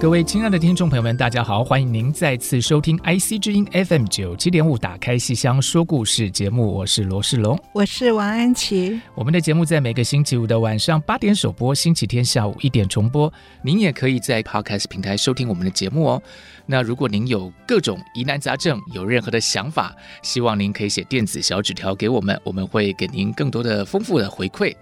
各位親愛的聽眾朋友們，大家好！歡迎您再次收聽 IC 之音 FM 九七點五，打開戲箱說故事節目，我是羅仕龍，我是王安祈。我們的節目在每個星期五的晚上八點首播，星期天下午一點重播。您也可以在 Podcast 平台收聽我們的節目哦。那如果您有各種疑難雜症，有任何的想法，希望您可以寫電子小紙條給我們，我們會給您更多的豐富的回饋。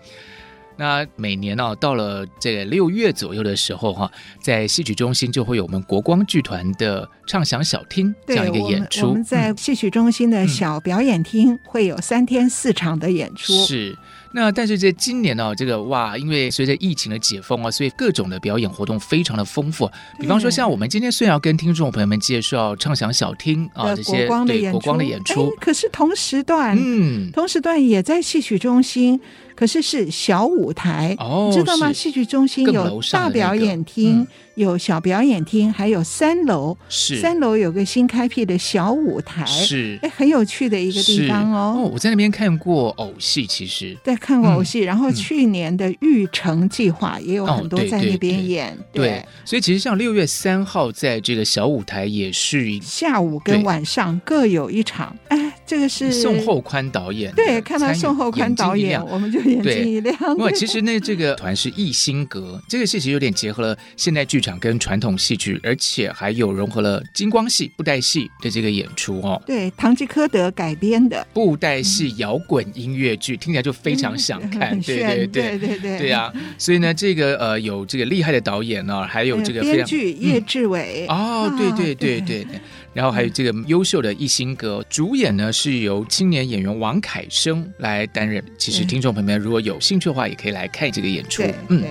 那每年呢、啊，到了這個六月左右的時候哈、啊，在戲曲中心就會有我們國光劇團的“唱響小廳”這樣一個演出。對，我們、嗯、我們在戲曲中心的小表演廳會有三天四場的演出。是。那但是在今年呢、啊，這個哇，因為隨着疫情的解封啊，所以各種的表演活動非常的豐富。比方說，像我們今天雖然要跟聽眾朋友們介紹、啊“唱響小廳”啊這些對國光的演出，的演出，可是同時段，嗯，同時段也在戲曲中心。可是是小舞台，哦、你知道嗎？戲劇中心有大表演廳、那個嗯，有小表演廳，還有三樓，是三樓有個新開闢的小舞台，是哎，很有趣的一個地方哦。哦，我在那邊看過偶戲，其實對，看過偶戲，嗯、然後去年的玉成計劃也有很多在那邊演，哦、對,對,對,對,對。所以其實像六月三號在這個小舞台也是下午跟晚上各有一場，哎，這個是宋厚寬導演對，看到宋厚寬導,導演,導演我們就。對，哇，其實呢，這個團是一心歌，這個戲其實有點結合了現代劇場跟傳統戲劇，而且還有融合了金光戲、布袋戲、戲的這個演出哦。對，《唐吉訶德》改編的布袋戲搖滾音樂劇，聽起來就非常想看，嗯、對對對對對，對對呀、啊。所以呢，這個呃，有這個厲害的導演呢、哦，還有這個非常編劇葉志偉、嗯。哦，對對對對、對、對。啊對然後還有這個優秀的易星歌、嗯，主演呢是由青年演員王凱生來擔任。其實聽眾朋友們如果有興趣的話，也可以來看這個演出。嗯，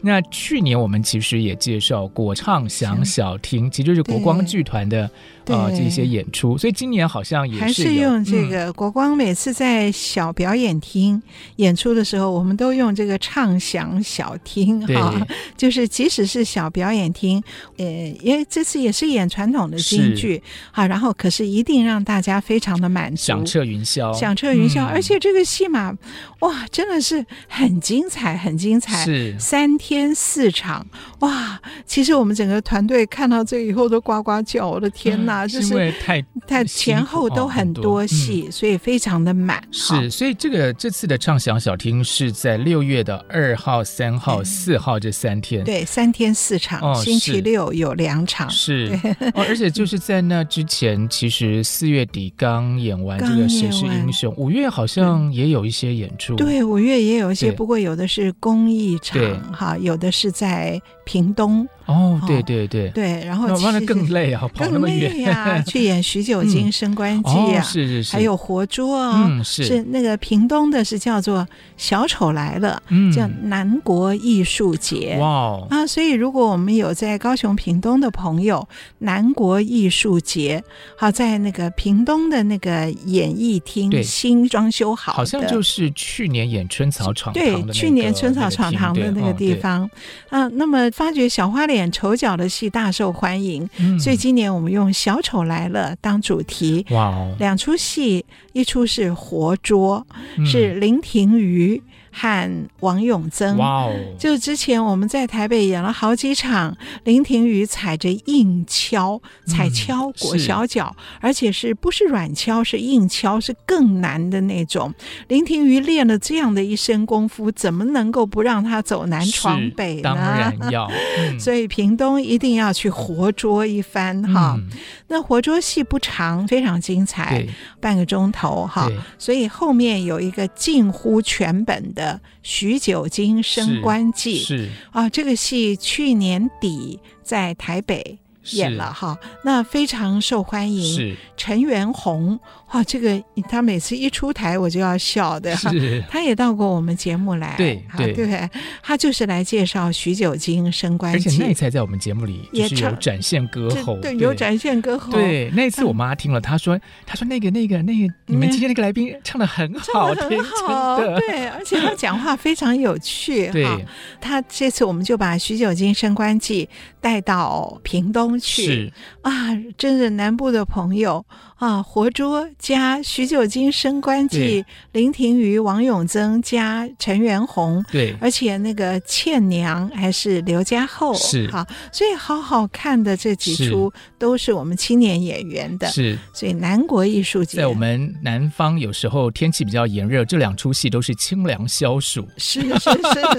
那去年我們其實也介紹過唱響小廳，其實就是國光劇團的。對啊，這些演出，所以今年好像也是，還是用這個、嗯、國光每次在小表演廳、嗯、演出的時候，我們都用這個唱響小廳哈、啊，就是即使是小表演廳，呃，因為這次也是演傳統的京劇好，然後可是一定讓大家非常的滿足，響徹雲霄，響徹雲霄，嗯、而且這個戲碼哇，真的是很精彩，很精彩，是三天四場哇，其實我們整個團隊看到這以後都呱呱叫，我的天哪！嗯啊，就是因為太太前後都很多戲、哦很多嗯，所以非常的滿。是，所以這個這次的唱響小廳是在六月的二號、三號、四、嗯、號這三天，對，三天四場，哦、星期六有兩場。是、哦，而且就是在那之前，嗯、其實四月底剛演完這個《誰是英雄》，五月好像也有一些演出，對，五月也有一些，不過有的是公益場，哈，有的是在屏東。哦，對對對、哦，對，然後其實更累啊，跑那麼遠呀、啊，去演《徐九經升官記、啊》啊、嗯哦，是是是，還有活捉啊、哦嗯，是那個屏東的是叫做小丑來了，嗯、叫南國藝術節哇、哦、啊，所以如果我們有在高雄屏東的朋友，南國藝術節好在那個屏東的那個演藝廳新裝修好，好像就是去年演春草闖堂對，去年春草闖堂的那個地方，哦、啊，那麼發掘小花臉。丑角的戲大受歡迎、嗯，所以今年我們用小丑來了當主題。哇、哦，兩出戲，一出是活捉、嗯，是林庭瑜。和王永增、wow，就之前我們在台北演了好幾場，林庭瑜踩着硬敲，踩敲裹小腳、嗯，而且是不是軟敲，是硬敲是更難的那種。林庭瑜練了這樣的一身功夫，怎麼能夠不讓他走南闖北呢？當然要，嗯、 所以屏東一定要去活捉一番、嗯、哈。那活捉戲不長，非常精彩，半個鐘頭哈。所以後面有一個近乎全本的。《徐九經升官記》是啊，這個戲去年底在台北演了哈，那非常受歡迎。是陳元洪。哦，這個他每次一出台我就要笑的。是，他也到過我們節目來，對對、啊、對，他就是來介紹徐九經升官記，而且那一次在我們節目裡也是有展現歌喉，對、對、對，有展現歌喉。對，那一次我媽聽了，她說她說那個那個那個、嗯，你們今天那個來賓唱得很好，聽的。對，而且他講話非常有趣。 對，他這次我們就把徐九經升官記帶到屏東去，是啊，真是南部的朋友啊，活捉。加徐九經升官記，林庭瑜，王永增加陳元洪，對，而且那個倩娘還是劉珈後，是哈，所以好好看的這幾出都是我們青年演員的，是，所以南國藝術節在我們南方有時候天氣比較炎熱，這兩出戲都是清涼消暑，是是是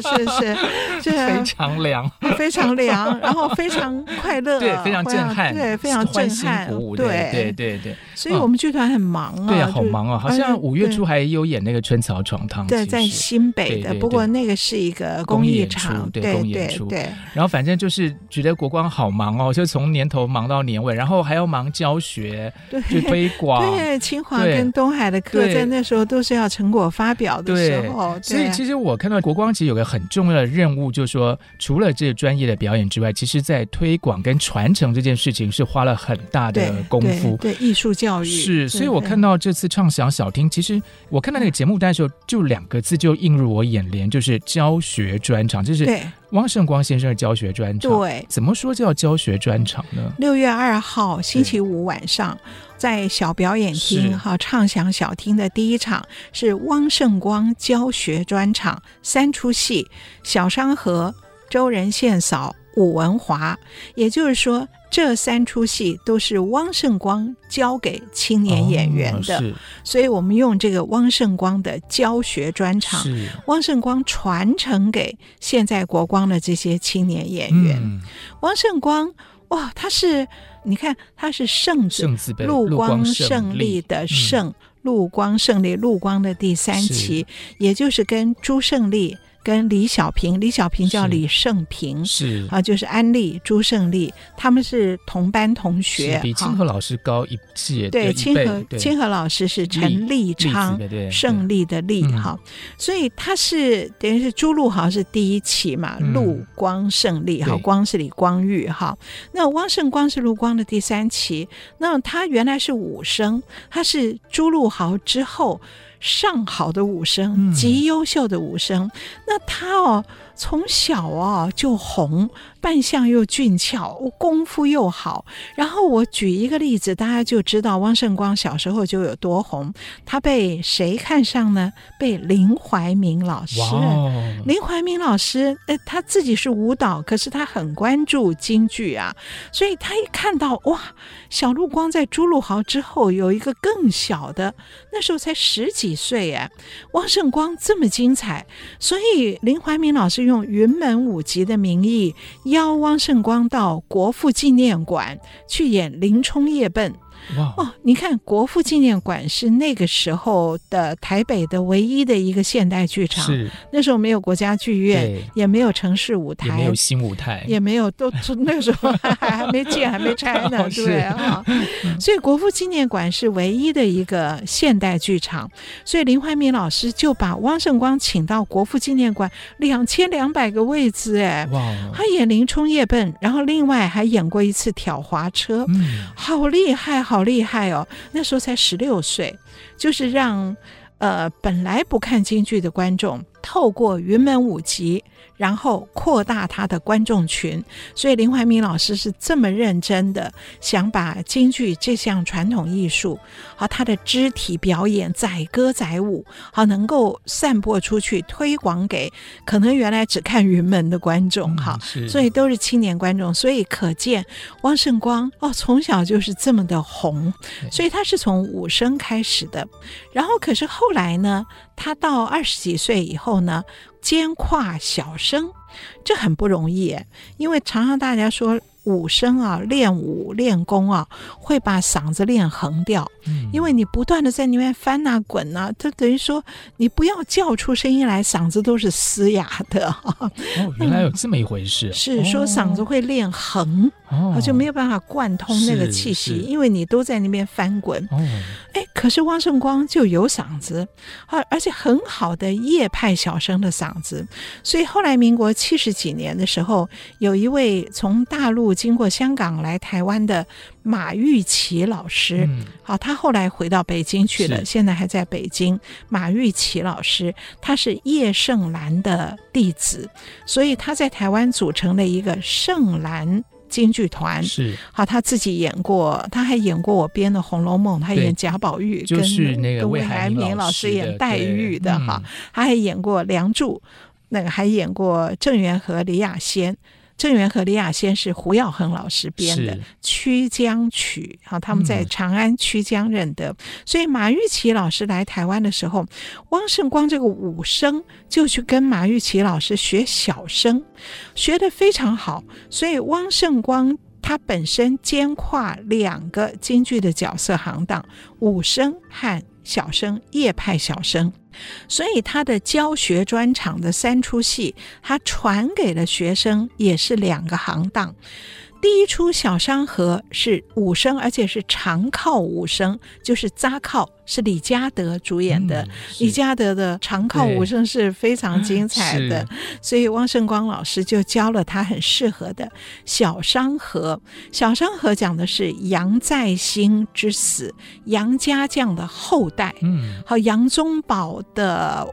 是是， 這非常涼，非常涼，然後非常快樂，對，非常震撼，對，非常震撼，對對對對，對，所以我們劇團、嗯、很。忙啊，對啊，好忙啊！好像五月初還有演那個《春草闖堂》哎對。對，在新北的，對對對，不過那個是一個公益場，公益演出對，對公益演出對，對。然後反正就是覺得國光好忙哦，就從年頭忙到年尾，然後還要忙教學，對，就推廣。對，對清華跟東海的課，在那時候都是要成果發表的時候對對。所以其實我看到國光其實有個很重要的任務，就是說除了這個專業的表演之外，其實，在推廣跟傳承這件事情是花了很大的功夫。對，對，對藝術教育是，所以我。看到這次唱響小廳，其實我看到那個節目單的時候，就兩個字就映入我眼簾，就是教學專場，就是汪勝光先生的教學專場。對，怎麼說叫教學專場呢？六月二號星期五晚上，在小表演廳哈，唱響小廳的第一場是汪勝光教學專場，三出戲：《小商河》《周仁獻嫂》《武文華》，也就是說。這三出戲都是汪勝光教給青年演員的、哦，所以我們用這個汪勝光的教學專場，汪勝光傳承給現在國光的這些青年演員。嗯、汪勝光，哇，他是你看，他是勝字，勝字陸，光陸光勝利的勝、嗯、陸光勝利陸光的第三期，也就是跟朱勝利。跟李小平，李小平叫李勝平，是，是啊，就是安利朱勝利，他們是同班同學，比清河老師高一屆。對，清河清河老師是陳利昌，立立對勝利的利哈、嗯，所以他是等於是朱陸豪是第一期嘛，陸、嗯、光勝利好，光是李光玉哈，那汪勝光是陸光的第三期，那他原來是武生，他是朱陸豪之後。上好的武生，極優秀的武生，嗯、那他哦。從小啊、哦、就紅，扮相又俊俏，功夫又好。然後我舉一個例子，大家就知道汪勝光小時候就有多紅。他被誰看上呢？被林懷民老師。Wow. 林懷民老師，哎、呃，他自己是舞蹈，可是他很關注京劇啊。所以他一看到哇，小陸光在朱陸豪之後有一個更小的，那時候才十幾歲哎、啊，汪勝光這麼精彩，所以林懷民老師。用雲門舞集的名義邀汪勝光到國父紀念館去演林沖夜奔。哇、wow. 哦！你看，國父紀念館是那個時候的台北的唯一的一個現代劇場。是那時候沒有國家劇院對，也沒有城市舞台，沒有新舞台，也沒有都那個時候還還沒建， 還沒拆呢， 對啊、哦？所以國父紀念館是唯一的一個現代劇場。所以林懷民老師就把汪勝光請到國父紀念館，兩千兩百個位置，哎，哇！他演林沖夜奔，然後另外還演過一次挑滑車，嗯、好厲害！好。好厲害哦！那時候才十六歲，就是讓，呃，本來不看京劇的觀眾。透過雲門舞集，然後擴大他的觀眾群，所以林懷民老師是這麼認真的，想把京劇這項傳統藝術和他的肢體表演載歌載舞，好能夠散播出去，推廣給可能原來只看雲門的觀眾哈、嗯，所以都是青年觀眾，所以可見汪勝光哦，從小就是這麼的紅，所以他是從武生開始的，然後可是後來呢？他到二十幾歲以後呢，兼跨小生，這很不容易，因為常常大家說武生啊練武練功啊，會把嗓子練橫掉，嗯、因為你不斷的在裡面翻啊滾啊，就等於說你不要叫出聲音來，嗓子都是嘶啞的。哦，原來有這麼一回事， 是、哦、說嗓子會練橫。我就沒有辦法貫通那個氣息，哦，因為你都在那邊翻滾。哎、哦欸，可是汪勝光，就有嗓子，而而且很好的葉派小生的嗓子，所以後來民國七十幾年的時候，有一位從大陸經過香港來台灣的馬玉琪老師。好、嗯，他後來回到北京去了，現在還在北京。馬玉琪老師他是葉盛蘭的弟子，所以他在台灣組成了一個盛蘭、京劇團是好，他自己演過，他還演過我編的《紅樓夢》，他演賈寶玉跟，跟跟、就是、魏海敏老師演黛玉的哈，他、嗯、還演過《梁祝》，那個還演過鄭元和李亞仙。鄭元和李亞仙是胡耀恆老師編的曲江曲。好，他們在長安曲江認得，嗯、所以馬玉琪老師來台灣的時候，汪勝光這個武生就去跟馬玉琪老師學小生，學得非常好，所以汪勝光他本身兼跨兩個京劇的角色行當，武生和。小生，葉派小生，所以他的教學專場的三齣戲，他傳給了學生，也是兩個行當。第一出《小商河》是武生，而且是長靠武生，就是扎靠，是李家德主演的。嗯、李家德的長靠武生是非常精彩的，啊、所以汪勝光老師就教了他，很適合的小商河《小商河》。《小商河》講的是楊再興之死，楊家將的後代。嗯，好，楊宗保的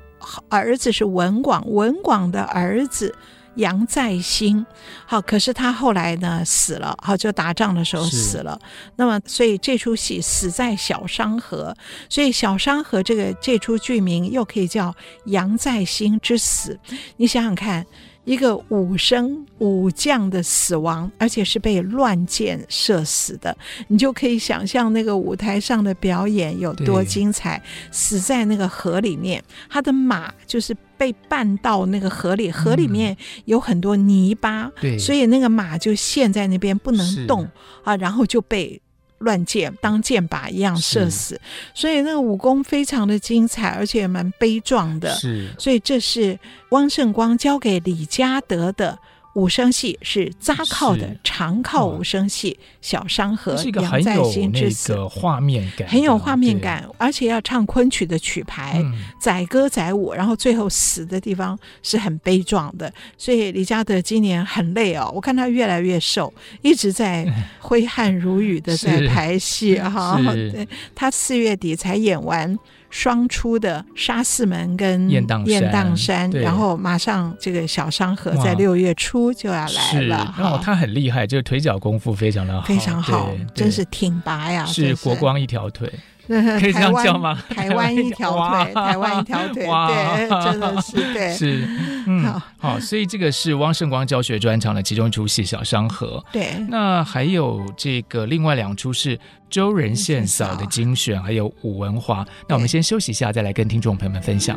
兒子是文廣，文廣的兒子。楊再興，好，可是他後來呢，死了，好，就打仗的時候死了。那麼，所以這出戲死在小商河，所以小商河這個這出劇名又可以叫楊再興之死。你想想看，一個武生武將的死亡，而且是被亂箭射死的，你就可以想象那個舞台上的表演有多精彩。死在那個河裡面，他的馬就是。被絆到那個河裡，河裡面有很多泥巴，嗯、對，所以那個馬就陷在那邊不能動啊，然後就被亂箭當箭靶一樣射死。所以那個武功非常的精彩，而且也蠻悲壯的。是，所以這是汪勝光教給李家德的。武生戲是扎靠的，長靠武生戲，嗯、小商河楊再興之死，畫面感，很有畫面感，而且要唱崑曲的曲牌，嗯，載歌載舞，然後最後死的地方是很悲壯的。所以李家德今年很累哦，我看他越來越瘦，一直在揮汗如雨的在排戲哈，哦哦。他四月底才演完。雙出的殺四門跟雁蕩山，蕩山，然後馬上這個小商河在六月初就要來了。哦，然後他很厲害，就是腿腳功夫非常的好，非常好，真是挺拔呀，是對是，是國光一條腿。嗯、可以這樣叫嗎？台灣一條腿，台灣一條腿，對，真的是對，是，嗯、好好、啊哦，所以這個是汪勝光教學專場的其中一齣戲《小商河》。對，那還有這個另外兩齣是《周仁獻嫂》的精選，還有華《武文華》。那我們先休息一下，再來跟聽眾朋友們分享。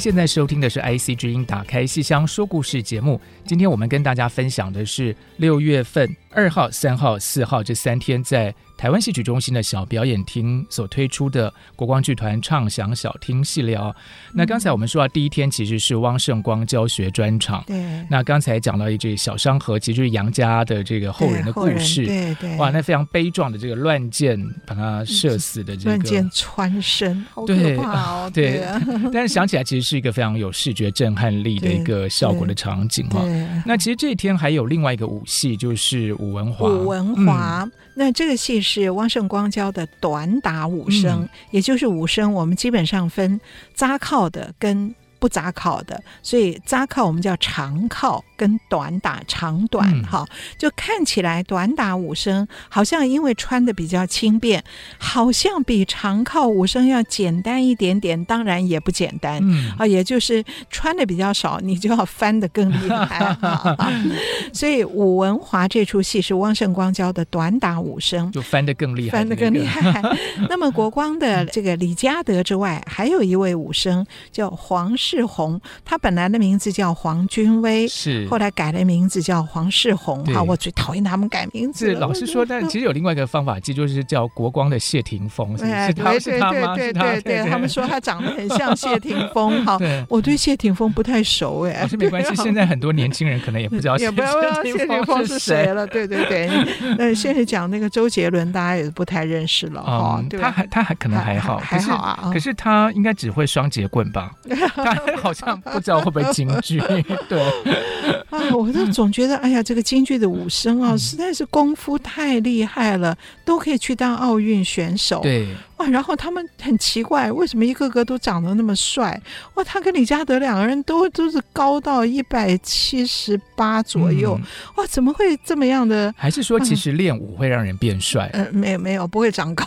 現在收聽的是 IC 之音，打開戲箱說故事節目。今天我們跟大家分享的是六月份二號、三號、四號這三天在，台灣戲劇中心的小表演廳所推出的國光劇團唱響小廳系列哦，嗯、那剛才我們說啊，第一天其實是汪勝光教學專場。對，那剛才講到一句：「小商河，其實是楊家的這個後人的故事。對對，對，哇，那非常悲壯的這個亂箭把他射死的這個、嗯、亂箭穿身，好可怕、哦、對，哦、對 但是想起來其實是一個非常有視覺震撼力的一個效果的場景啊。那其實這一天還有另外一個武戲，就是武文華。武文華。嗯那這個戲是汪勝光教的短打武生、嗯，也就是武生。我們基本上分紮靠的跟。不紮靠的，所以紮靠我們叫長靠跟短打，長短哈、嗯，就看起來短打武生好像因為穿的比較輕便，好像比長靠武生要簡單一點點，當然也不簡單、嗯、啊，也就是穿的比較少，你就要翻的更厲害。 所以武文華這出戲是汪勝光教的短打武生，就翻得更厲害的，翻得更厲害，翻的更厲害。那麼國光的這個李家德之外，還有一位武生叫黃。世苰，他本來的名字叫黃君威，是後來改了名字叫黃世苰。哈，我最討厭他們改名字老實說，但其實有另外一個方法記，就是叫國光的謝霆鋒。哎是是，對是他對是他嗎對對對,對,對，他們說他長得很像謝霆鋒。 好，我對謝霆鋒不太熟，哎，但是沒關係。現在很多年輕人可能也不知道,不知道謝霆鋒是誰了。對對 對，那現在講那個周杰倫，大家也不太認識了。啊、嗯哦，他還他還可能還好還還還，還好啊。可是他應該只會雙截棍吧？他。 好像不知道會不會京劇，對 。啊，我就總覺得，哎呀，這個京劇的武生啊，實在是功夫太厲害了，都可以去當奧運選手，對。哇、哦，然後他們很奇怪，為什麼一個個都長得那麼帥？哇，他跟李家德兩個人都都是高到一百七十八左右。哇、嗯哦，怎麼會這麼樣的？還是說其實練武會讓人變帥？嗯、呃、沒有沒有，不會長高，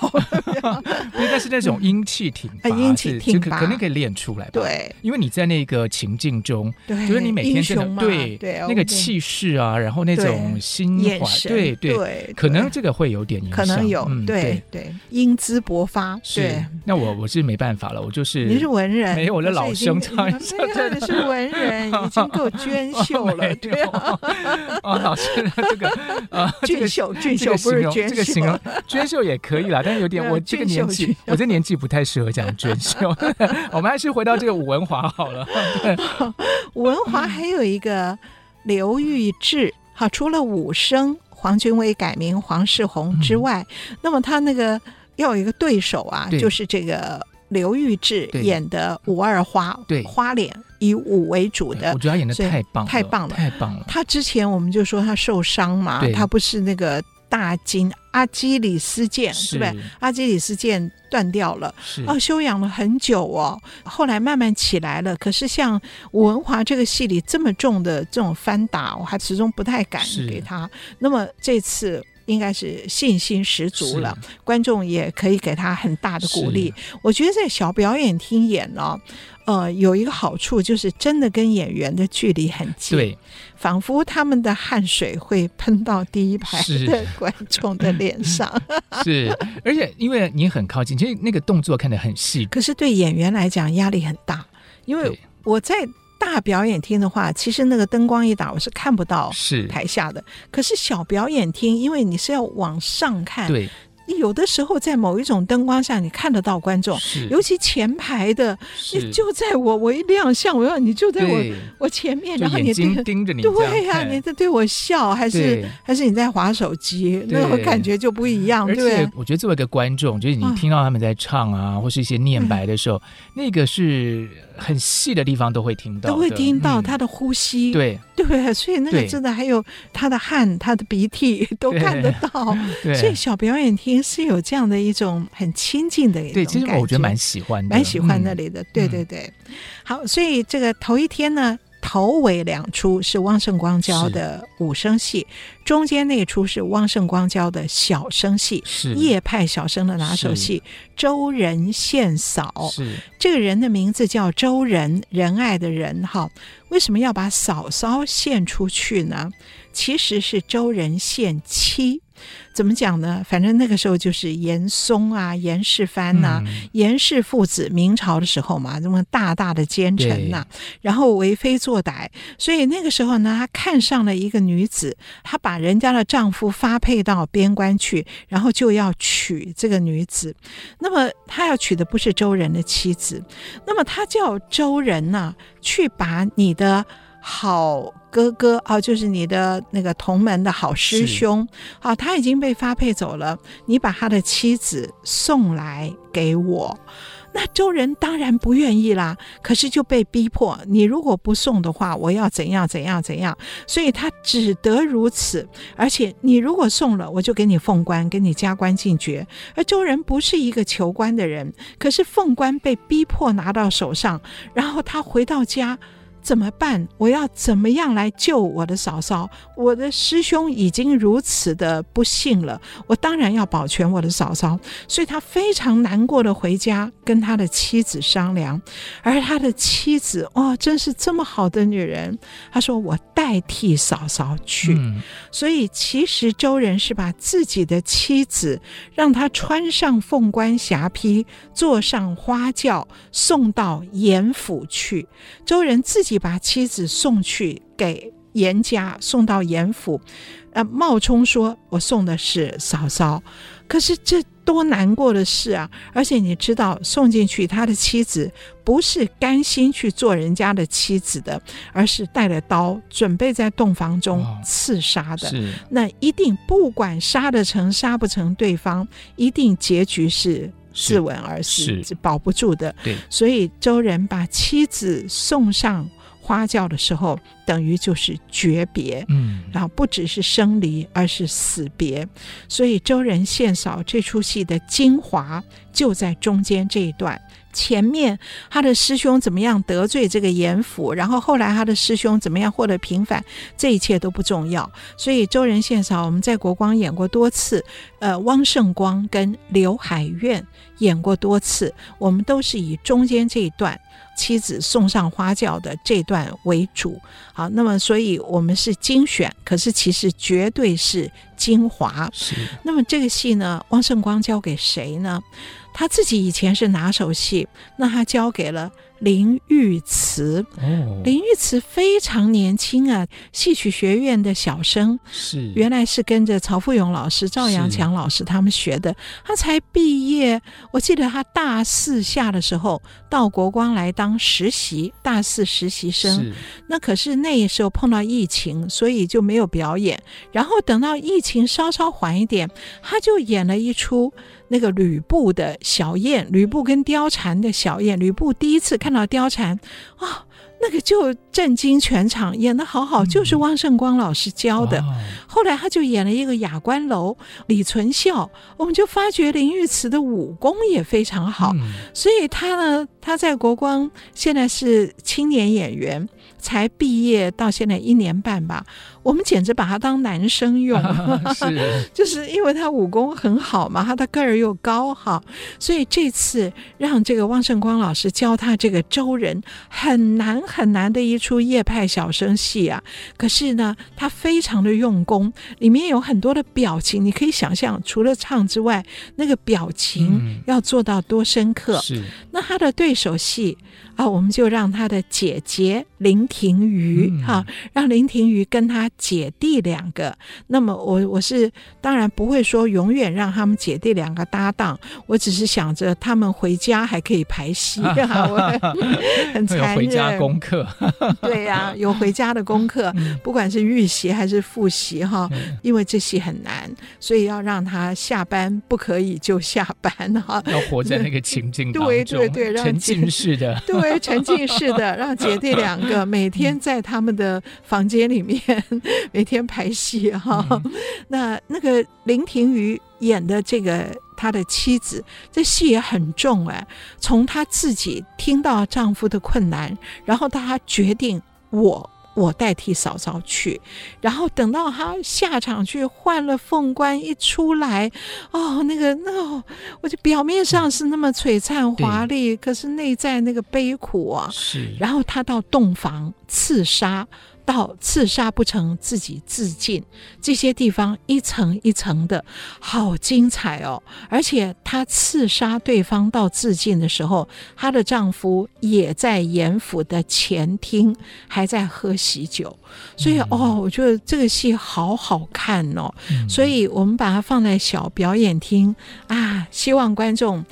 應該 是，是那種英氣挺拔，英、嗯嗯、氣挺拔，肯定可，可以練出來吧。對，因為你在那個情境中，對就是你每天真的對，對，對那個氣勢啊，然後那種心懷，對對，眼神對，對，對，可能這個會有點影響。可能有，對、嗯、對，英姿勃發。啊、對是，那我我是沒辦法了，我就是你是文人，沒有我的老兄，這個是文人， 已經夠娟秀了。對、哦，哦， 哦，老師這個啊、呃，俊秀、這個、俊秀不是娟秀，這個形容、這個、形容娟秀也可以啦，但是有點我這個年紀，我這年紀不太適合講娟秀。 我們還是回到這個武文華好了。 哦、武文華還有一個劉育志，好、嗯，除了武生黃君威改名黃世苰之外、嗯，那麼他那個。要有一個對手啊，就是這個劉育志演的武二花對花臉，以武為主的。我主要演的太棒了，所以太棒了，太棒了。他之前我們就說他受傷嘛，他不是那個大金阿基里斯腱，對不對？是？阿基里斯腱斷掉了，哦、啊，休養了很久哦，後來慢慢起來了。可是像武文華這個戲裡這麼重的這種翻打，我還始終不太敢給他。那麼這次。應該是信心十足了，觀眾也可以給他很大的鼓勵。我覺得在小表演廳演呢，呃，有一個好處，就是真的跟演員的距離很近，對，仿佛他們的汗水會噴到第一排的觀眾的臉上。是， 是，而且因為你很靠近，其實那個動作看得很細。可是對演員來講壓力很大，因為我在。大表演廳的話，其實那個燈光一打，我是看不到是台下的。可是小表演廳，因為你是要往上看，對，你有的時候在某一種燈光下，你看得到觀眾，尤其前排的，你就在我，我一亮相，我要你就在我我前面，然後你眼睛盯着你，對呀、啊，你在對我笑，還是還是你在滑手機，那種感覺就不一樣，對。而且我覺得作為一個觀眾，就是你聽到他們在唱啊，或是一些念白的時候，嗯、那個是。很細的地方都會聽到，都會聽到他的呼吸。嗯、對對，所以那個真的還有他的汗、他的鼻涕都看得到。所以小表演廳是有這樣的一種很親近的一種感覺。對，其實我，我覺得蠻喜歡的，蠻喜歡那裡的、嗯。對對對，好，所以這個頭一天呢。頭尾兩齣是汪勝光教的武生戲，中間那一齣是汪勝光教的小生戲，是葉派小生的拿手戲《周仁獻嫂》。這個人的名字叫周仁，仁愛的仁哈。為什麼要把嫂嫂獻、獻出去呢？其實是周仁獻妻。怎麼講呢？反正那個時候就是嚴嵩啊、嚴世蕃吶、嚴氏父子，明朝的時候嘛，那麼大大的奸臣吶、啊，然後為非作歹。所以那個時候呢，他看上了一個女子，他把人家的丈夫發配到邊關去，然後就要娶這個女子。那麼他要娶的不是周仁的妻子，那麼他叫周仁吶、啊，去把你的好。哥哥啊、哦，就是你的那個同門的好師兄啊、哦，他已經被發配走了。你把他的妻子送來給我，那周仁當然不願意啦。可是就被逼迫，你如果不送的話，我要怎樣怎樣怎樣。所以他只得如此。而且你如果送了，我就給你鳳冠，給你加官進爵。而周仁不是一個求官的人，可是鳳冠被逼迫拿到手上，然後他回到家。怎麼辦？我要怎麼樣來救我的嫂嫂？我的師兄已經如此的不幸了，我當然要保全我的嫂嫂。所以他非常難過的回家跟他的妻子商量，而他的妻子哦，真是這麼好的女人，他說，我代替嫂嫂去。嗯、所以其實周仁是把自己的妻子讓他穿上鳳冠霞帔，坐上花轎送到嚴府去。周仁自己。把妻子送去給嚴家，送到嚴府，呃，冒充說我送的是嫂嫂，可是這多難過的事啊！而且你知道，送進去他的妻子不是甘心去做人家的妻子的，而是帶了刀，準備在洞房中刺殺的。那一定不管殺得成殺不成，對方一定結局是自刎而死，是,是保不住的。所以周人把妻子送上。花轎的時候，等於就是訣別，嗯，然後不只是生離，而是死別，所以《周仁獻嫂》這出戲的精華就在中間這一段。前面他的師兄怎麼樣得罪這個嚴府，然後後來他的師兄怎麼樣獲得平反，這一切都不重要。所以《周仁獻嫂》，我們在國光演過多次，呃，汪勝光跟劉海苑演過多次，我們都是以中間這一段。妻子送上花轎的這段為主，好，那麼所以我們是精選，可是其實絕對是精華。是。那麼這個戲呢，汪勝光交給誰呢？他自己以前是拿手戲，那他教給了林昱慈。哦。林昱慈非常年輕啊，戲曲學院的小生是，原來是跟着曹復永老師、趙揚強老師他們學的。他才畢業，我記得他大四下的時候到國光來當實習，大四實習生。是，那可是那時候碰到疫情，所以就沒有表演。然後等到疫情稍稍緩一點，他就演了一出。那個呂布的小宴，呂布跟貂蟬的小宴，呂布第一次看到貂蟬啊、哦，那個就震驚全場，演得好好，嗯，就是汪勝光老師教的。後來他就演了一個雅觀樓李存孝，我們就發覺林昱慈的武功也非常好，嗯，所以他呢，他在國光現在是青年演員，才畢業到現在一年半吧。我們簡直把他當男生用，啊、是 就是因為他武功很好嘛，他的個兒又高哈，所以這次讓這個汪勝光老師教他這個周仁很難很難的一出葉派小生戲啊。可是呢，他非常的用功，裡面有很多的表情，你可以想象，除了唱之外，那個表情要做到多深刻。嗯、是，那他的對手戲啊，我們就讓他的姐姐林庭瑜哈、嗯啊，讓林庭瑜跟他。姐弟兩個，那麼我我是當然不會說永遠讓他們姐弟兩個搭檔，我只是想着他們回家還可以排戲啊， 很殘忍。要回家功課。 對呀，啊，有回家的功課， 不管是預習還是複習哈，因為這戲很難，所以要讓他下班不可以就下班哈， 要活在那個情境 對對對讓，沉浸式的，中，沉浸式的，對，沉浸式的，讓姐弟兩個每天在他們的房間裡面。每天拍戲哈，嗯、 那那個林庭瑜演的這個他的妻子，這戲也很重哎、啊。從他自己聽到丈夫的困難，然後他決定，我我代替嫂嫂去，然後等到他下場去換了鳳冠一出來，哦，那個那、no, 我就表面上是那麼璀璨華麗，可是內在那個悲苦啊。是，然後他到洞房刺殺。到刺殺不成，自己自盡，這些地方一層一層的，好精彩哦！而且她刺殺對方到自盡的時候，她的丈夫也在嚴府的前廳還在喝喜酒，所以、嗯、哦，我覺得這個戲好好看哦，嗯、所以我們把它放在小表演廳啊，希望觀眾。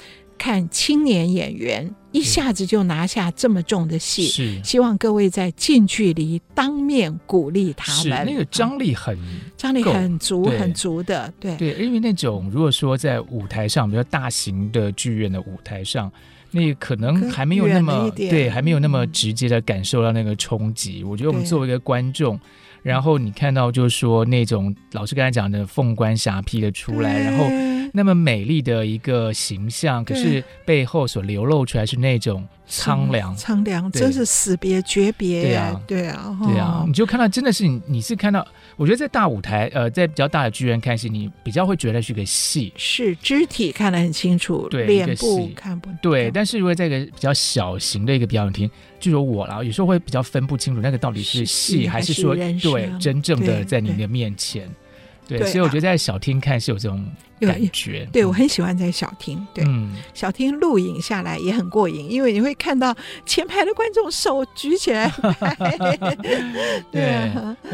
看青年演員一下子就拿下這麼重的戲，希望各位在近距離當面鼓勵他們。是那個張力很張力很足，很足的，對對。因為那種如果說在舞台上，比較大型的劇院的舞台上，那個、可能還沒有那麼對，還沒有那麼直接的感受到那個衝擊。我覺得我們作為一個觀眾，然後你看到就是說那種老師剛才講的鳳冠霞帔的出來，然後。那麼美麗的一個形象，可是背後所流露出來是那種蒼涼，蒼涼，真是死別訣別，對啊，對啊，對啊。嗯，你就看到真的是你，你是看到，我覺得在大舞台，呃，在比較大的劇院看戲，你比較會覺得是個戲，是肢體看得很清楚，對，臉部一個戲看不，對。但是如果在一個比較小型的一個表演廳，就有我了，有時候會比較分不清楚那個到底是戲，還是說對真正的在你的面前，對。所以我覺得在小廳看是有這種。有感覺，對，我很喜歡在小廳，對、嗯，小廳錄影下來也很過癮，因為你會看到前排的觀眾手舉起來。 對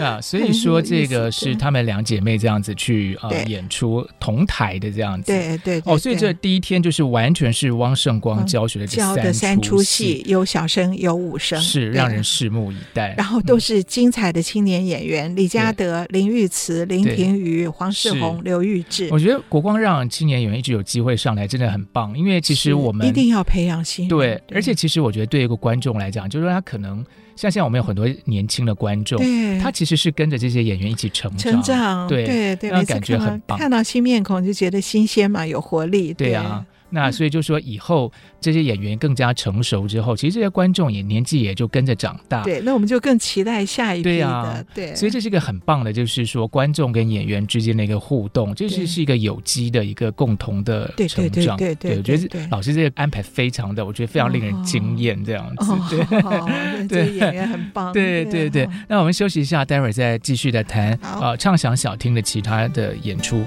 啊，所以說這個是他們兩姐妹這樣子去啊、呃、演出同台的這樣子，對對，對，對哦，所以這第一天就是完全是汪勝光教學的、嗯、教的三出戲，有小生，有武生，是讓人拭目以待。然後都是精彩的青年演員：嗯、李家德、林昱慈、林庭瑜、黃世苰、劉育志。我覺得。不光讓青年演員一直有機會上來，真的很棒。因為其實我們一定要培養新人，對。而且其實我覺得，對一個觀眾來講，就是他可能像現在我們有很多年輕的觀眾，他其實是跟着這些演員一起成長，成長對對對、對，感覺很棒。看到新面孔就覺得新鮮嘛，有活力，對、對啊那所以就說，以後這些演員更加成熟之後，其實這些觀眾也年紀也就跟着長大。對，那我們就更期待下一輩的對、啊。對，所以這是一個很棒的，就是說觀眾跟演員之間的一個互動，這是是一個有機的一個共同的成長。對，對，對，對，對，對，對，我覺得老師這個安排非常的，我覺得非常令人驚豔，哦、這樣子。對，哦哦、 對這個很棒。對對對、哦，那我們休息一下，待會兒再繼續的談。啊、呃，唱響小廳的其他的演出。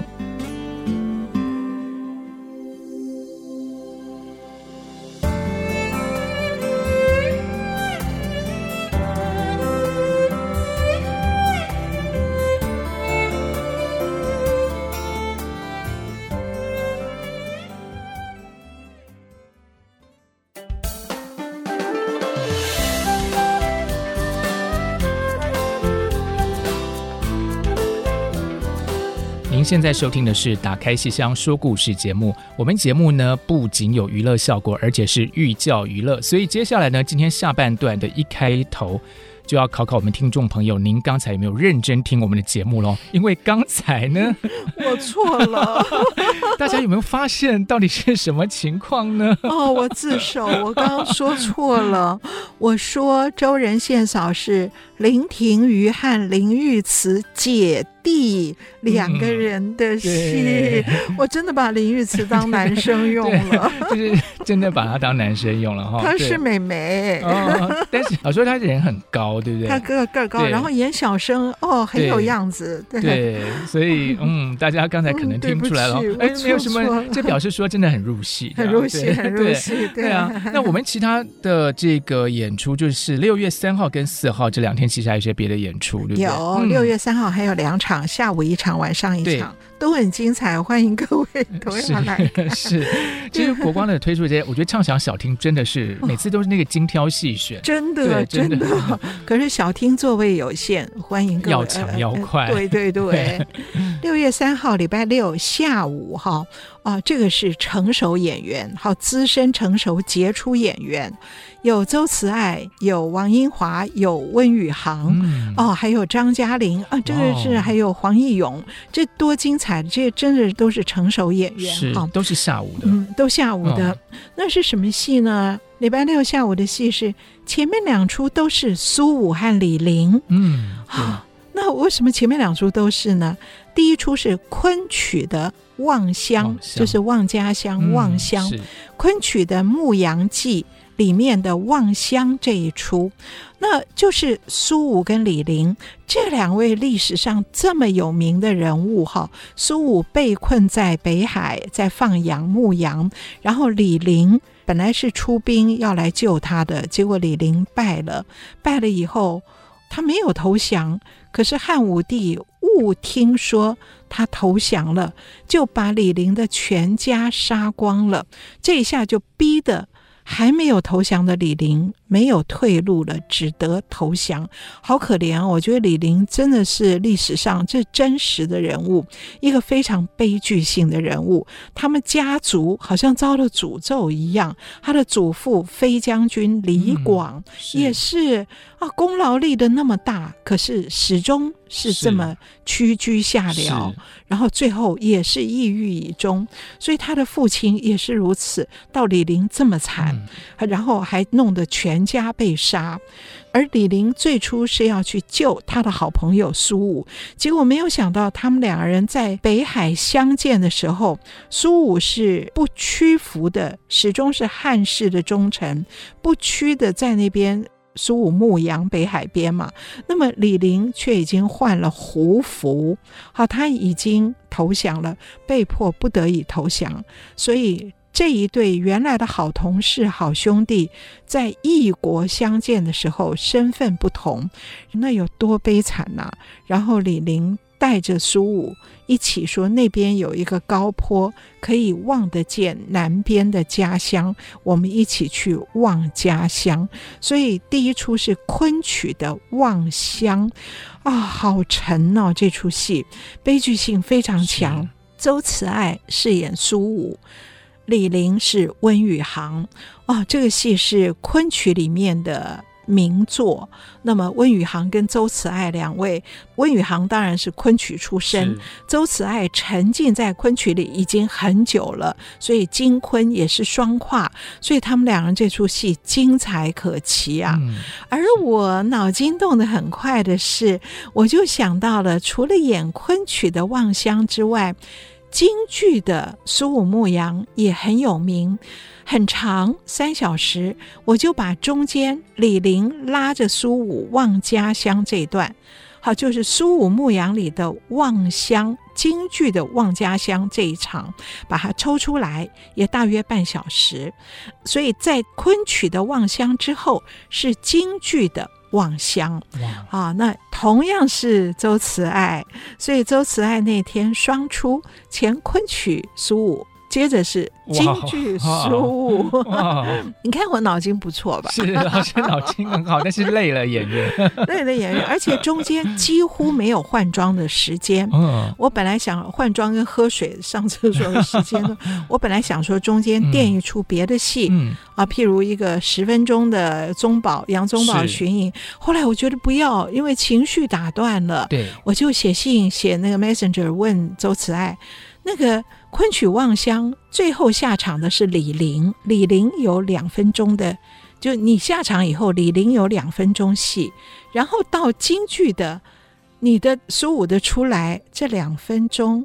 現在收聽的是《打開戲箱說故事》節目。我們節目呢，不僅有娛樂效果，而且是寓教於樂。所以接下來呢，今天下半段的一開一頭就要考考我們聽眾朋友，您剛才有沒有認真聽我們的節目嘍？因為剛才呢，我錯了。 大家有沒有發現到底是什麼情況呢？哦，我自首，我剛剛說錯了。我說“周仁獻嫂”是《林庭瑜和林昱慈姐。第兩個人的戲、嗯，我真的把林昱慈當男生用了， 就是真的把他當男生用了哈。他是妹妹、哦，但是小 說以他人很高，對不對？他個個高，然後演小生哦，很有樣子。對，對所以嗯，大家剛才可能聽不出來了、嗯，哎，錯錯了，沒有什麼，這表示說真的很入戲，很入戲，很入戲，對，戲對，對啊。 那我們其他的這個演出，就是六月三號跟四號這兩天，其實還有一些別的演出，有，六月三號還有兩場。下午一場，晚上一場，都很精彩，歡迎各位同樣來看是。是，其實國光的推出這些，我覺得唱響小廳真的是每次都是那個精挑細選，哦、真的真的,真的。可是小廳座位有限，歡迎各位要搶要快。呃、對對對,對,對，六月三號禮拜六下午哈。啊，這個是成熟演員，好資深成熟傑出演員，有鄒慈愛，有王鶯驊，有溫宇航，嗯、哦，還有張家麟啊，這個是、哦、還有黃毅勇，這多精彩！這真的都是成熟演員啊、哦，都是下午的。嗯，都下午的、哦。那是什麼戲呢？禮拜六下午的戲是前面兩齣都是蘇武和李陵，嗯啊嗯，那為什麼前面兩齣都是呢？第一齣是崑曲的。望鄉、哦、就是望家鄉，望鄉。嗯、崑曲的《牧羊記》裡面的望鄉這一出，那就是蘇武跟李陵這兩位歷史上這麼有名的人物哈。蘇武被困在北海，在放羊牧羊，然後李陵本來是出兵要來救他的，結果李陵敗了，敗了以後。他沒有投降，可是漢武帝誤聽說他投降了，就把李陵的全家殺光了。這一下就逼得還沒有投降的李陵。沒有退路了，只得投降，好可憐，啊！我覺得李陵真的是歷史上最真實的人物，一個非常悲劇性的人物。他們家族好像遭了詛咒一樣，他的祖父飛將軍李廣、嗯、也是，是啊，功勞立得那麼大，可是始終是這麼屈居下僚，然後最後也是抑鬱以終。所以他的父親也是如此，到李陵這麼慘，嗯，然後還弄得全。家被殺，而李陵最初是要去救他的好朋友蘇武，結果沒有想到，他們兩個人在北海相見的時候，蘇武是不屈服的，始終是漢室的忠臣，不屈的在那邊。蘇武牧羊北海邊嘛，那麼李陵卻已經換了胡服，好，他已經投降了，被迫不得已投降，所以。這一對原來的好同事、好兄弟，在異國相見的時候，身份不同，那有多悲慘吶、啊！然後李陵帶着蘇武一起說：“那邊有一個高坡，可以望得見南邊的家鄉，我們一起去望家鄉。”所以第一出是崑曲的《望鄉》啊，好沉哦。這出戲悲劇性非常強。鄒慈愛飾演蘇武。李玲是溫宇航，哇、哦，這個戲是崑曲裡面的名作。那麼溫宇航跟周慈愛兩位，溫宇航當然是崑曲出身，周慈愛沉浸在崑曲裡已經很久了，所以金崑也是雙跨，所以他們兩人這齣戲精彩可期啊、嗯。而我腦筋動得很快的是，我就想到了除了演崑曲的《望鄉》之外。京劇的蘇武牧羊也很有名，很長三小時，我就把中間李陵拉着蘇武望家鄉這一段，好，就是蘇武牧羊裡的望鄉，京劇的望家鄉這一場，把它抽出來，也大約半小時。所以在崑曲的望鄉之後，是京劇的。望鄉，wow. 啊，那同樣是鄒慈愛，所以鄒慈愛那天雙出，前昆曲蘇武。接着是京劇蘇武， 你看我腦筋不錯吧？是，老師腦筋很好， 但是累了演員， 累了演員，而且中間幾乎沒有換裝的時間。嗯，我本來想換裝跟喝水上廁所的時間，嗯，我本來想說中間墊一出別的戲，嗯，啊，譬如一個十分鐘的宗保楊宗保，保巡演。後來我覺得不要，因為情緒打斷了。對，我就寫信寫那個 Messenger 問鄒慈愛。那個崑曲《望鄉》，最後下場的是李陵。李陵有兩分鐘的，就你下場以後，李陵有兩分鐘戲。然後到京劇的，你的蘇武的出來，這兩分鐘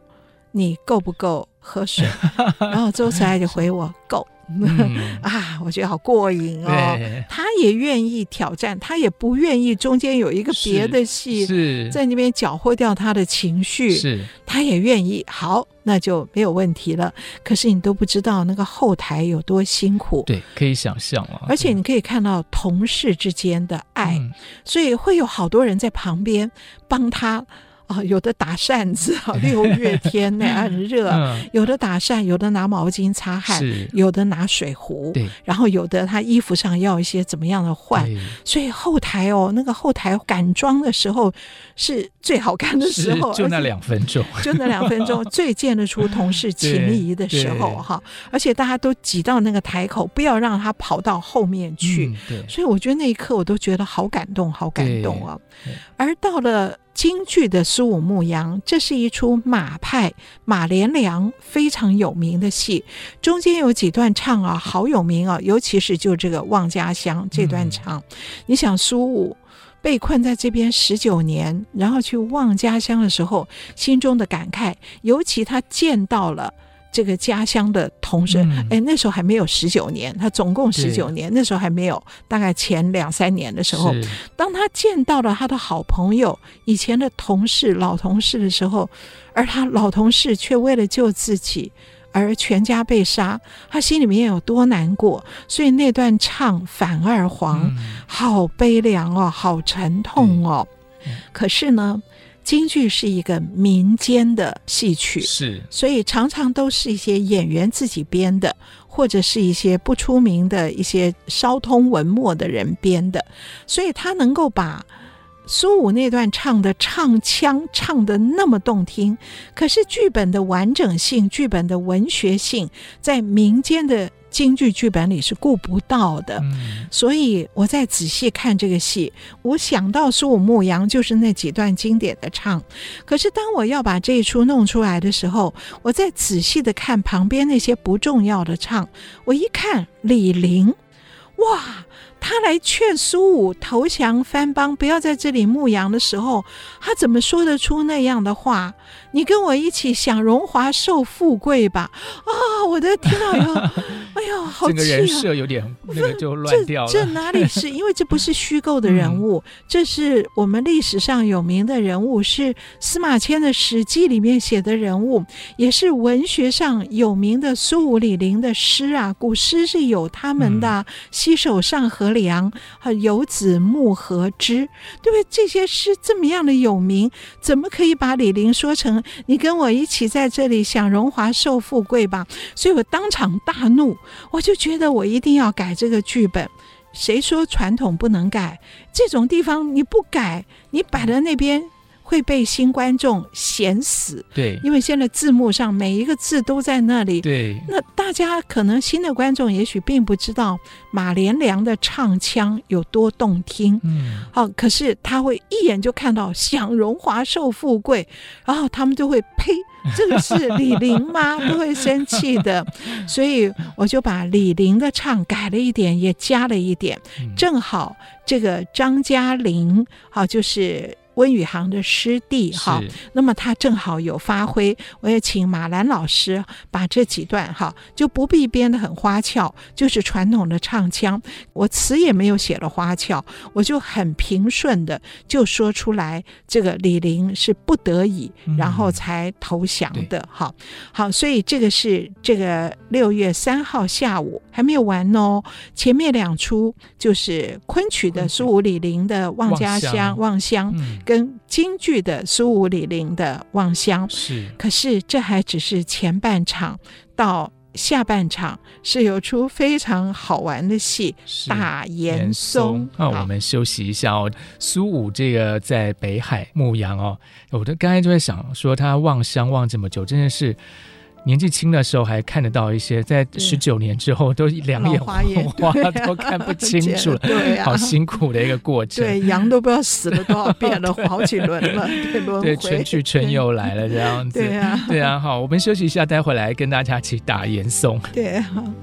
你夠不夠喝水？ 然後鄒慈愛就回我夠。嗯、 啊，我覺得好過癮哦！他也願意挑戰，他也不願意中間有一個別的戲是是在那邊攪和掉他的情緒。是，他也願意，好，那就沒有問題了。可是你都不知道那個後台有多辛苦，對，可以想象了。而且你可以看到同事之間的愛，所以會有好多人在旁邊幫他。啊、呃，有的打扇子，六月天呢，很熱、 嗯，有的打扇，有的拿毛巾擦汗，有的拿水壺，然後有的他衣服上要一些怎麼樣的換，所以後台哦，那個後台趕妝的時候是最好看的時候，就那兩分鐘，就那兩分鐘 最見得出同事情誼的時候哈，而且大家都擠到那個台口，不要讓他跑到後面去，嗯、所以我覺得那一刻我都覺得好感動，好感動啊，而到了。京劇的《蘇武牧羊》，這是一出馬派馬連良非常有名的戲，中間有幾段唱啊，好有名啊，尤其是就這個望家鄉這段唱。嗯。你想蘇武被困在這邊十九年，然後去望家鄉的時候，心中的感慨，尤其他見到了。這個家鄉的同事，哎、嗯，那時候還沒有十九年，他總共十九年，那時候還沒有，大概前兩三年的時候，當他見到了他的好朋友、以前的同事、老同事的時候，而他老同事卻為了救自己而全家被殺，他心裡面有多難過？所以那段唱反二黃、嗯，好悲涼哦，好沉痛哦，嗯、可是呢。京劇是一個民間的戲曲，是，所以常常都是一些演員自己編的，或者是一些不出名的一些稍通文墨的人編的，所以他能夠把蘇武那段唱的唱腔唱得那麼動聽，可是劇本的完整性、劇本的文學性，在民間的。京劇劇本裡是顧不到的，嗯，所以我再仔細看這個戲，我想到蘇武牧羊就是那幾段經典的唱。可是當我要把這一齣弄出來的時候，我再仔細的看旁邊那些不重要的唱，我一看李陵，哇，他來勸蘇武投降番邦，不要在這裡牧羊的時候，他怎麼說得出那樣的話？你跟我一起享榮華、受富貴吧！啊、哦，我的天哪，哎呦，哎呦，好氣啊！整、這個人設有點 那個就亂掉了這。這哪裡是？因為這不是虛構的人物， 這是我們歷史上有名的人物，是司馬遷的《史記》裡面寫的人物，也是文學上有名的蘇武、李陵的詩啊。古詩是有他們的“攜手》、《上河梁”、“和遊子暮何之》，對不對？這些詩這麼樣的有名，怎麼可以把李陵說成？你跟我一起在這裡享榮華、受富貴吧！所以我當場大怒，我就覺得我一定要改這個劇本。誰說傳統不能改？這種地方你不改，你擺在那邊，會被新觀眾嫌死，對，因為現在字幕上每一個字都在那裡，對。那大家可能新的觀眾也許並不知道馬連良的唱腔有多動聽，嗯，好、啊，可是他會一眼就看到享榮華、受富貴，然後他們就會呸，這個是李陵嗎？ 都會生氣的。所以我就把李陵的唱改了一點，也加了一點，正好這個張家麟，好、啊、就是。溫宇航的師弟哈，那麼他正好有發揮。我也請馬蘭老師把這幾段哈，就不必編得很花俏，就是傳統的唱腔。我詞也沒有寫了花俏，我就很平順的就說出來。這個李陵是不得已，嗯，然後才投降的。哈好，好，所以這個是這個六月三號下午還沒有完哦。前面兩出就是昆曲的蘇武李陵的《望家鄉望鄉》嗯。跟京劇的蘇武李陵的望鄉是。可是這還只是前半場，到下半場是有出非常好玩的戲，打嚴嵩那、哦、我們休息一下哦。蘇武這個在北海牧羊哦，我就剛才就在想說，他望鄉望這麼久，真的是。年紀輕的時候還看得到一些，在十九年之後都兩眼花花、 啊啊、都看不清楚了對、啊，好辛苦的一個過程，對、啊對啊個過程對，羊都不知道死了多少遍了， 好幾輪了，對，輪迴，對，春去春又來了這樣子，對啊。 對啊對。好，我們休息一下，待會來跟大家一起打嚴嵩，對啊。對啊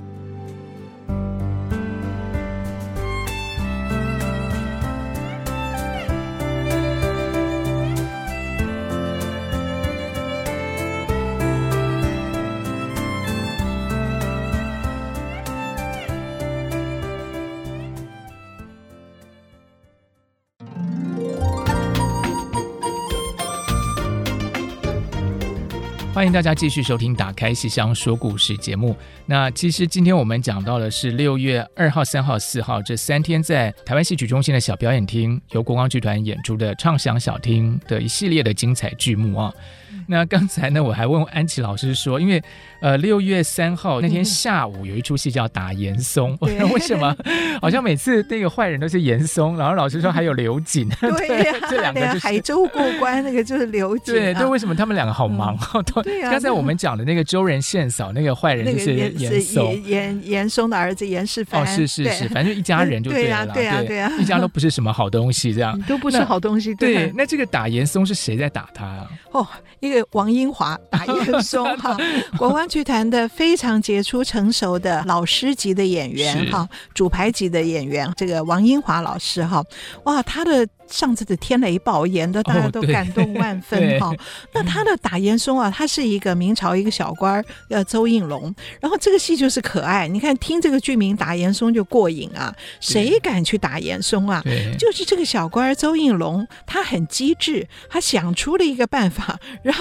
歡迎大家繼續收聽《打開戲箱說故事》節目。那其實今天我們講到的是六月二號、三號、四號這三天，在台灣戲曲中心的小表演廳由國光劇團演出的《唱響小廳》的一系列的精彩劇目啊。嗯、那剛才呢，我還問，問安祈老師說，因為。呃，六月三號那天下午有一齣戲叫打嚴嵩，嗯、為什麼？好像每次那個壞人都是嚴嵩。然後老師說還有劉瑾，對呀、啊， 這兩個就是對啊、海舟過關，那個就是劉瑾、啊。對，那為什麼他們兩個好忙？嗯對啊、剛才我們講的那個周仁獻嫂、嗯， 那個壞人就是嚴嵩、那個，嚴，嚴嵩的兒子嚴世蕃。哦，是是是，反正就一家人就對了、嗯。對啊，對啊，對啊，一家都不是什麼好東西，這樣，都不是好東西。對，啊、對，那這個打嚴嵩是誰在打他、啊？哦，一個王鶯驊打嚴嵩哈，過 劇團的非常傑出、成熟的老師級的演員哈，主牌級的演員，這個王鶯驊老師哈，哇，他的。上次的《天雷報》演的，大家都感動萬分哈、oh,。那他的打嚴嵩啊，他是一個明朝一個小官叫鄒應龍。然後這個戲就是可愛，你看聽這個劇名《打嚴嵩》就過癮啊，誰敢去打嚴嵩啊？就是這個小官鄒應龍，他很機智，他想出了一個辦法，讓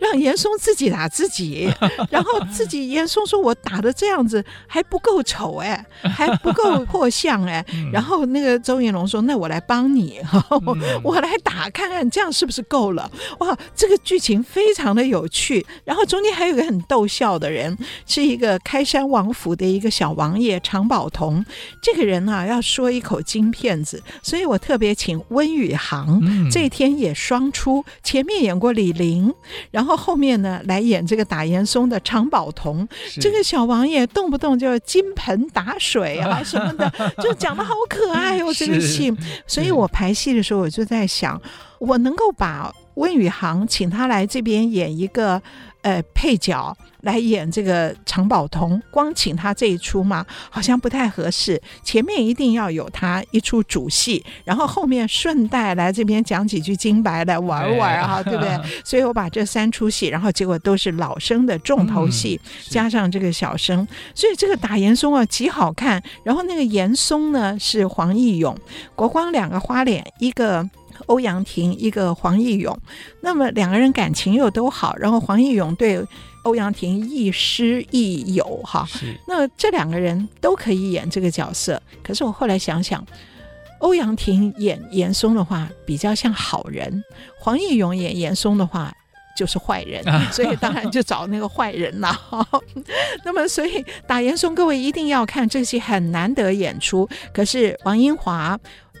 讓嚴嵩自己打自己， 然後自己嚴嵩說：“我打的這樣子還不夠醜哎、欸，還不夠破相哎、欸。 嗯”然後那個鄒應龍說：“那我來幫你。” 我來打看看，這樣是不是夠了？哇，這個劇情非常的有趣。然後中間還有一個很逗笑的人，是一個開山王府的一個小王爺常寶童。這個人啊，要說一口京片子，所以我特別請溫宇航，嗯、這一天也雙出，前面演過李陵，然後後面呢，來演這個打嚴嵩的常寶童。這個小王爺動不動就金盆打水啊 什麼的，就講得好可愛哦， 我這個戲。所以我拍戲，的時候，我就在想，我能夠把溫宇航請他來這邊演一個，呃，配角。來演這個常寶童，光請他這一齣嘛，好像不太合適。前面一定要有他一齣主戲，然後後面順帶來這邊講幾句京白來玩玩啊，對不對？所以我把這三齣戲，然後結果都是老生的重頭戲，嗯、加上這個小生，所以這個打嚴嵩啊極好看。然後那個嚴嵩呢，是黃毅勇、國光兩個花臉，一個歐陽霆，一個黃毅勇。那麼兩個人感情又都好，然後黃毅勇對。歐陽霆亦師亦友哈，那這兩個人都可以演這個角色。可是我後來想想，歐陽霆演嚴嵩的話比較像好人，黃毅勇演嚴嵩的話就是壞人，所以當然就找那個壞人了。 那麼，所以打嚴嵩，各位一定要看這戲，很難得演出。可是王鶯驊，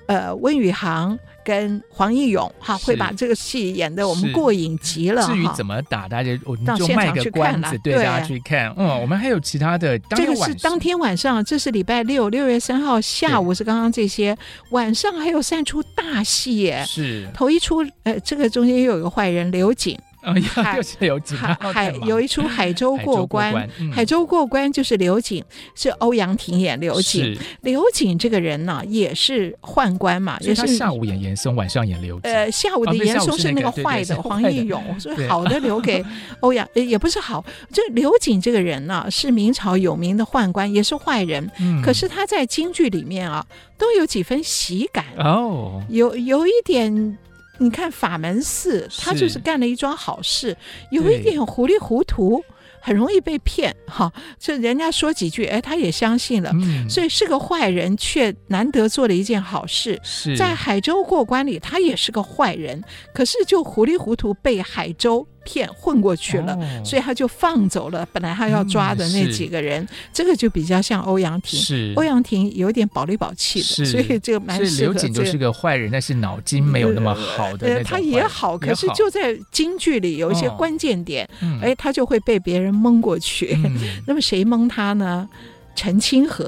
呃，溫宇航跟黃毅勇哈，會把這個戲演得我們過癮極了。至於怎麼打，大家我到、哦、就賣個關子，現場去看啦。對，對大家去看。嗯，我們還有其他的，這個是當天晚上，這是禮拜六六月三號下午是剛剛這些，晚上還有三出大戲耶。是頭一出，呃，這個中間又有一個壞人劉瑾。海有幾？海有一出《海舟過關》，《海舟過關》就是劉瑾，是歐陽霆演劉瑾。劉瑾這個人呢、啊，也是宦官嘛，也是。他下午演嚴嵩，晚上演劉。呃，下午的嚴嵩是那個壞的、哦那個、對對對黃毅勇，所以好的留給歐陽。也不是好，這劉瑾這個人呢、啊，是明朝有名的宦官，也是壞人、嗯。可是他在京劇裡面啊，都有幾分喜感哦，有有一點。你看法門寺，他就是幹了一樁好事，有一點糊裡糊塗，很容易被騙哈。這、啊、人家說幾句，哎，他也相信了、嗯，所以是個壞人，卻難得做了一件好事。在海舟過關裡，他也是個壞人，可是就糊裡糊塗被海舟。騙混過去了、哦，所以他就放走了本來他要抓的那幾個人，嗯、這個就比較像歐陽霆。是歐陽霆有點寶裡寶氣的，所以這個蠻。所以劉瑾就是個壞人、這個，但是腦筋沒有那麼好的人他也好，也好，可是就在京劇裡有一些關鍵點，哦、哎，他就會被別人蒙過去。嗯、 那麼誰蒙他呢？陳清河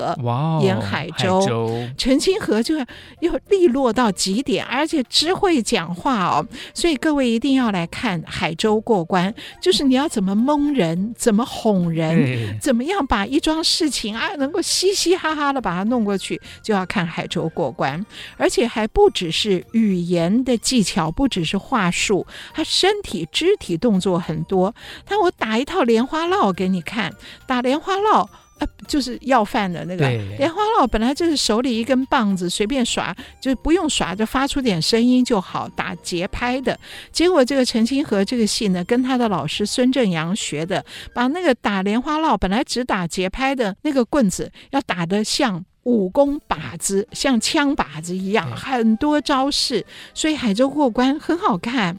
演、wow, 海舟，陳清河就又利落到極點，而且只會講話哦，所以各位一定要來看海舟過關，就是你要怎麼蒙人， 怎麼哄人， 怎麼樣把一樁事情啊能夠嘻嘻哈哈的把它弄過去，就要看海舟過關，而且還不只是語言的技巧，不只是話術，他身體肢體動作很多，但我打一套蓮花落給你看，打蓮花落。呃，就是要飯的那個蓮花落，本來就是手裡一根棒子隨便耍，就不用耍，就發出點聲音就好，打節拍的。結果這個陳清河這個戲呢，跟他的老師孫正陽學的，把那個打蓮花落本來只打節拍的那個棍子，要打得像。武功靶子像槍靶子一樣，很多招式，所以海舟過關很好看。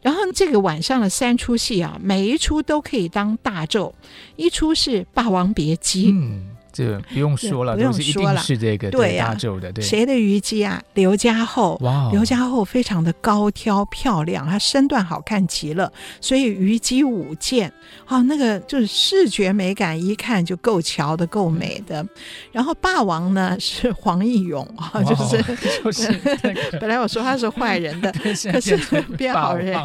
然後這個晚上的三出戲啊，每一出都可以當大軸。一出是《霸王別姬》嗯。這不用說了，不用說了，這是，說了是這個對，對、啊、大周的，對誰的虞姬啊？劉珈後、wow，劉珈後非常的高挑漂亮，她身段好看極了，所以虞姬舞劍啊，那個就是視覺美感，一看就夠瞧的，夠美的。嗯、然後霸王呢是黃毅勇啊、哦 wow, 就是，就是、那個、 本來我說他是壞人的， 是可是變好人，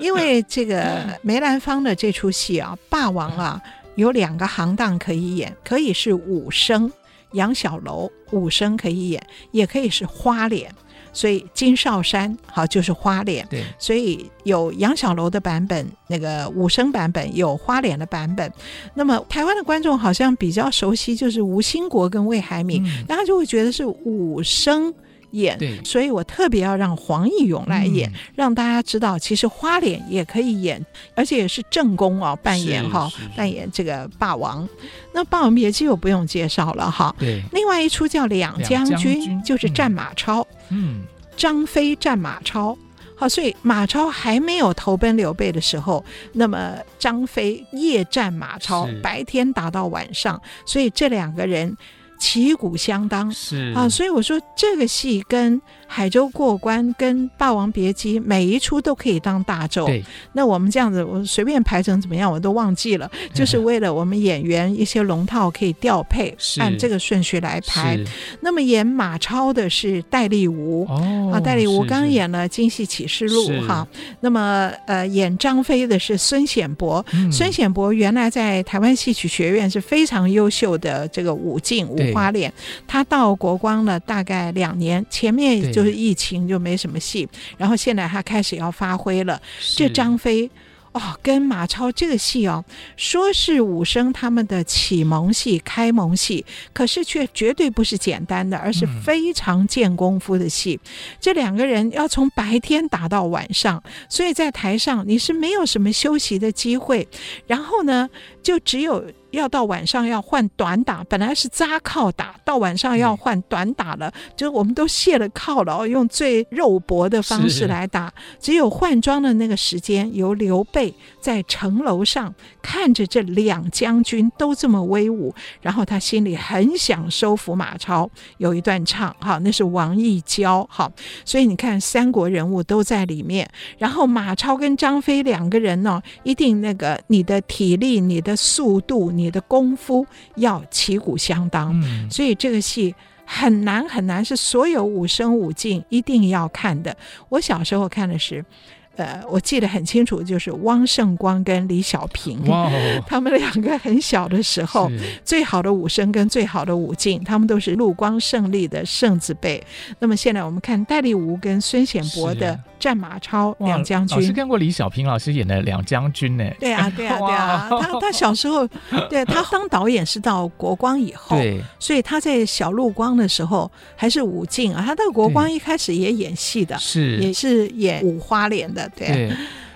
因為這個梅蘭芳的這出戲啊，霸王啊。 有兩個行當可以演，可以是武生楊小樓，武生可以演，也可以是花臉，所以金少山好就是花臉。對，所以有楊小樓的版本，那個武生版本，有花臉的版本。那麼台灣的觀眾好像比較熟悉，就是吳興國跟魏海敏，大、嗯、家就會覺得是武生。演，所以我特別要讓黃毅勇來演、嗯，讓大家知道，其實花臉也可以演，而且也是正宮啊、哦，扮演哈，扮演這個霸王。那霸王別姬我不用介紹了哈。對。另外一出叫兩《兩將軍》，就是戰馬超，嗯，張飛戰馬超。好，所以馬超還沒有投奔劉備的時候，那麼張飛夜戰馬超，白天打到晚上，所以這兩個人。旗鼓相當，是啊，所以我說這個戲跟《海舟過關》、跟《霸王別姬》每一出都可以當大軸。對，那我們這樣子我隨便排成怎麼樣，我都忘記了、啊,就是為了我們演員一些龍套可以調配，按這個順序來排。那麼演馬超的是戴立吾。哦，啊，戴立吾剛，剛演了《京戲啟示錄》哈。那麼呃，演張飛的是孫顯博、嗯，孫顯博原來在台灣戲曲學院是非常優秀的這個武進武。花臉，他到國光了大概兩年，前面就是疫情就沒什麼戲，然後現在他開始要發揮了。這張飛哦，跟馬超這個戲哦，說是武生他們的啟蒙戲、開蒙戲，可是卻絕對不是簡單的，而是非常見功夫的戲。嗯。這兩個人要從白天打到晚上，所以在台上你是沒有什麼休息的機會，然後呢，就只有。要到晚上要換短打，本來是紮靠打，到晚上要換短打了，嗯，就我們都卸了靠了，用最肉搏的方式來打。是是只有換裝的那個時間，由劉備在城樓上看着這兩將軍都這麼威武，然後他心裡很想收服馬超。有一段唱哈，那是王義嬌哈，所以你看三國人物都在裡面。然後馬超跟張飛兩個人呢，哦，一定那個你的體力、你的速度，你的功夫要旗鼓相當、嗯，所以這個戲很難很難，是所有武生武淨，一定要看的。我小時候看的是，呃，我記得很清楚，就是汪勝光跟李小平、哦，他們兩個很小的時候，最好的武生跟最好的武淨，他們都是陸光勝利的勝字輩。那麼現在我們看戴立吾跟孫顯博的。戰馬超兩將軍，我是看過李小平老師演的兩將軍呢？對啊，對啊，對啊，他他小時候，對他當導演是到國光以後，對，所以他在小陸光的時候還是武進啊，他在國光一開始也演戲的，是也是演武花臉的對、啊，對。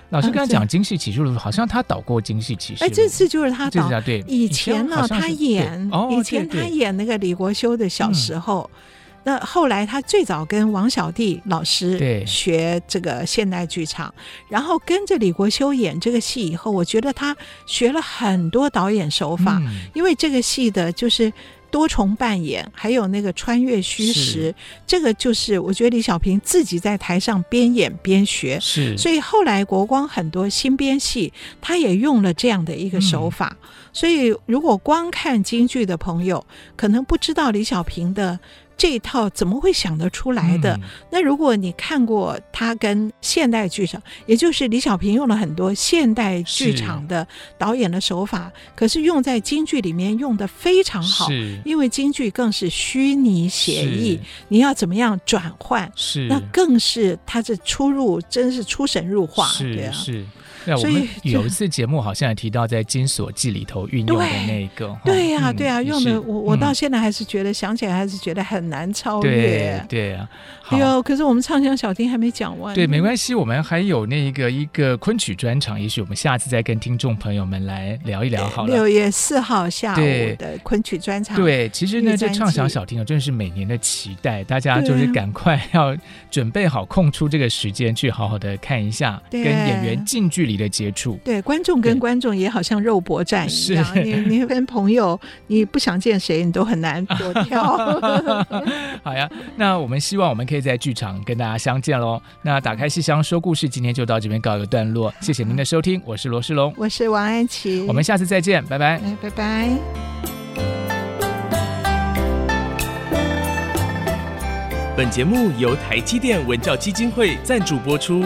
老師剛才講京戲啟示錄的時候，好像他導過京戲啟示錄，哎，這次就是他導、啊、以前呢、啊，以前啊、以前他演、哦對對，以前他演那個李國修的小時候。嗯那後來他最早跟王小棣老師學這個現代劇場，然後跟着李國修演這個戲以後，我覺得他學了很多導演手法，嗯、因為這個戲的就是多重扮演，還有那個穿越虛實，這個就是我覺得李小平自己在台上邊演邊學，是。所以後來國光很多新編戲，他也用了這樣的一個手法。嗯、所以如果光看京劇的朋友，可能不知道李小平的。這一套怎麼會想得出來的、嗯？那如果你看過他跟現代劇場，也就是李小平用了很多現代劇場的導演的手法，是，可是用在京劇裡面用得非常好，因為京劇更是虛擬寫意，你要怎麼樣轉換？是，那更是他這出入，真是出神入化，是對啊。是對對啊、我們有一次節目好像也提到在《金鎖記》裡頭運用的那一個，嗯、對呀、啊、對呀、啊，用的我我到現在還是覺得、嗯、想起來還是覺得很難超越。對，哎呦、啊，可是我們唱響小廳還沒講完。對，沒關係，我們還有那個一個崑曲專場，也許我們下次再跟聽眾朋友們來聊一聊好了。六月四號下午的崑曲專場。對，對其實呢，這唱響小廳啊，真的是每年的期待，大家就是趕快要準備好空出這個時間去好好的看一下，對跟演員近距離。的接觸，對觀眾跟觀眾也好像肉搏戰一樣。嗯、你你跟朋友，你不想見誰，你都很難躲掉。 好呀，那我們希望我們可以在劇場跟大家相見嘍。那打開戲箱說故事，今天就到這邊告一個段落。謝謝您的收聽，我是羅仕龍，我是王安祈，我們下次再見，拜拜，拜拜。本節目由台積電文教基金會贊助播出。